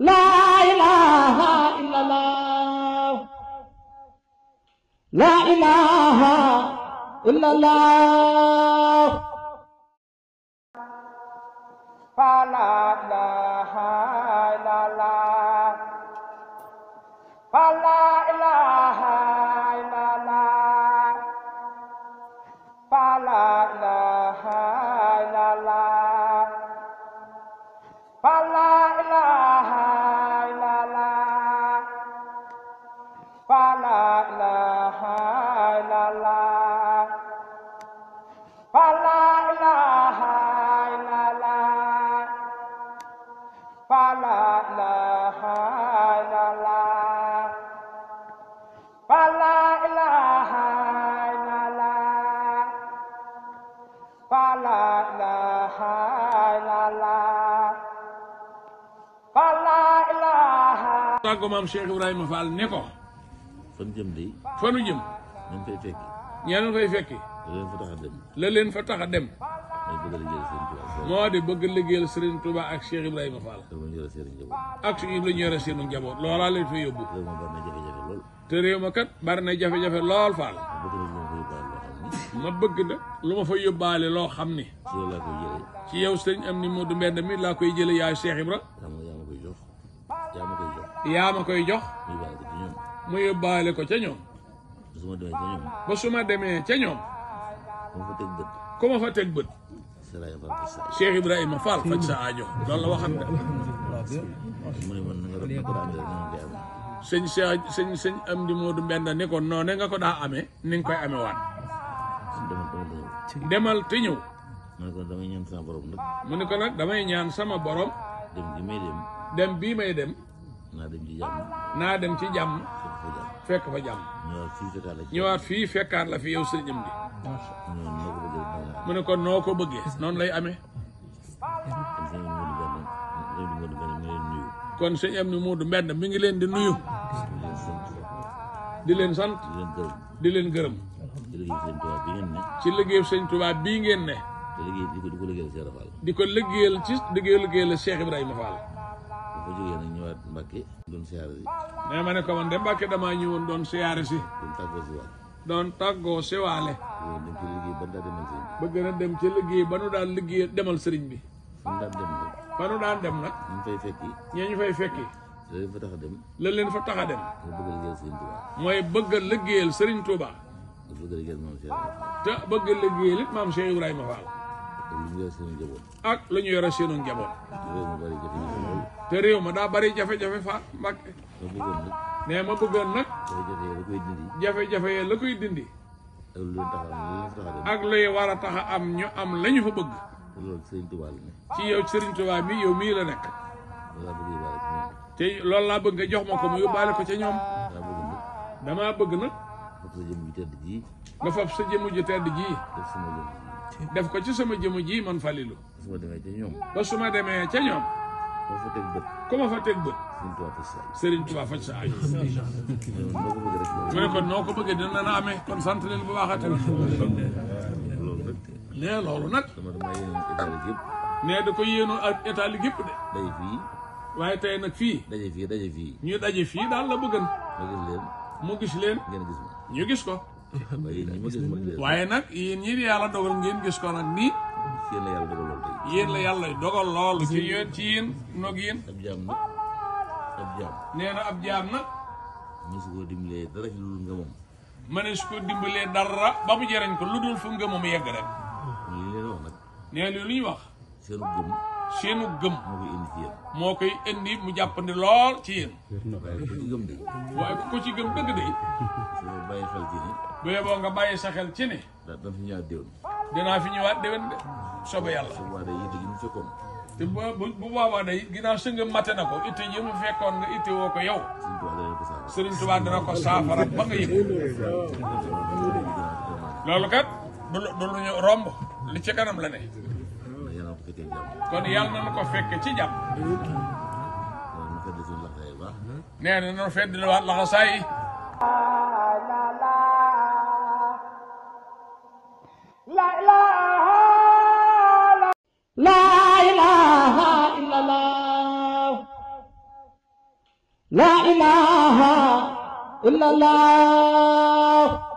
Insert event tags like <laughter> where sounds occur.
laa ilaaha illallah laa ilaaha illallah faa laa ilaaha illallah faa laa ilaaha illallah faa laa ilaaha illallah faa laa ilaaha tàggu maam Cheikh Ibrahima Fall ne ko. fan jëm de. fanu jëm. ñeneen fay fekki. ñeneen fay leen fa tax a dem. la leen fa moo di bëgg liggéeyal Serigne Touba ak Cheikh a Fall. ak su ñu la ñu yore seen njaboot loolaa leen fa yóbbu. te réew ma kat bari na jafe-jafe lool Fall. ma bëgg nag lu ma fa yóbbaale loo xam ni. ci yow sëñ am ni Modou Mbend mi laa koy jële yaay Cheikh Ibra yaa ma koy jox. mu yóbbaale ko ca ñoom. ba su ma demee ca ñoom. ku ma fa teg bët. Cheikh Ibrahima Fall faj sa aajo loolu la waxam sëñ Cheikh sëñ sëñ am di Modou Mbenda ne ko noone nga ko daa amee ni koy amee waat. demal te ñëw. mu ne ko sama borom nag. mu damay ñaan sama borom. dem bii may dem. dem bii may dem. naa dem ci jàmm. naa dem ci jàmm. fekk fa jàmm. ñëwaat fii fekkaat la fi yow sëriñam bi. mu ne ko noo ko bëggee noonu lay ame kon sëñ am ni Moodu Mbend mi ngi leen di nuyu. di leen sant. di leen gërëm. ci liggéeyu sëñ Tuubaa bii ngeen ne. di ko liggéeyal ci liggéeyal Cheikh Ibrahima Fall. fa jógee nag ñëwaat Mbacke doon ma ne ko man de Mbacke damaa ñëwoon doon siyaare si doon tàggoo si waat doon tàggoo dem ci ba nu daan liggéey demal sëriñ bi daan dem nag ñu fay fekki ñee ñu fay fekki la leen fa tax a dem la leen fa tax a dem mooy bëgg liggéeyal sëriñ Touba te bëgg a liggéeyal it maam Cheikh Ibrahima Fall ak lu ñu yore njaboot te réew ma daa bari jafe-jafe fa Mbàkke ne ma bëggoon nag jafe-jafe yee la koy dindi ak lay war a tax a am ñu am lañu fa bëgg ci yow Sëriñ Tuubaa yow mii la nekk te loolu laa bëgg nga jox ma ko mu yóbbaale ko ca ñoom damaa bëgg nag nga fab sa jëmu ju tedd ji def ko ci sama jëmm ji man falilu ba su ma demee ca ñoom ba fa teg bët. comme fa teg bët. Serigne Touba faj sa aaj. mu ne kon noo ko bëggee dina na amee kon sant leen bu baax a loolu nag. nee da ko yéenoo ak état li gépp de. daje fii. waaye fii. daje fii daje fii. ñu daje fii daal la bëggan. mu gis leen. ngeen gis ma. ñu gis ko. <laughs> waaye nag yéen di yàlla dogal ngeen gis ko nag nii. yéen la yàlla dogal lool tey. yéen la yàlla yéen ci yéen noog ab jaam nag ab jaam. nee na ab jaam nag. mënees koo dimbalee dara ci lu dul ngëmam. mënees koo dimbalee dara ba mu jëriñ ko lu dul fu ngëmam wax nee lu ñuy seen gëm. seenu gem mo koy indi mu jappandi lol ci yeen waaye ko ci gem deug de baye xel ci bu yeboo nga baye sa xel ci ne dinaa fi ñaa deewu dina fi ñu wat deewen de soba yalla soba mu fi yàlla te bu baba boobaa day ginnaaw sënga maté nako ko itte ji mu fekkon nga itte wo ko yow serigne touba dana ko safara ba nga yëg lolou kat du lu ñu romb li ci kanam la ne fekkee La ilaha illallah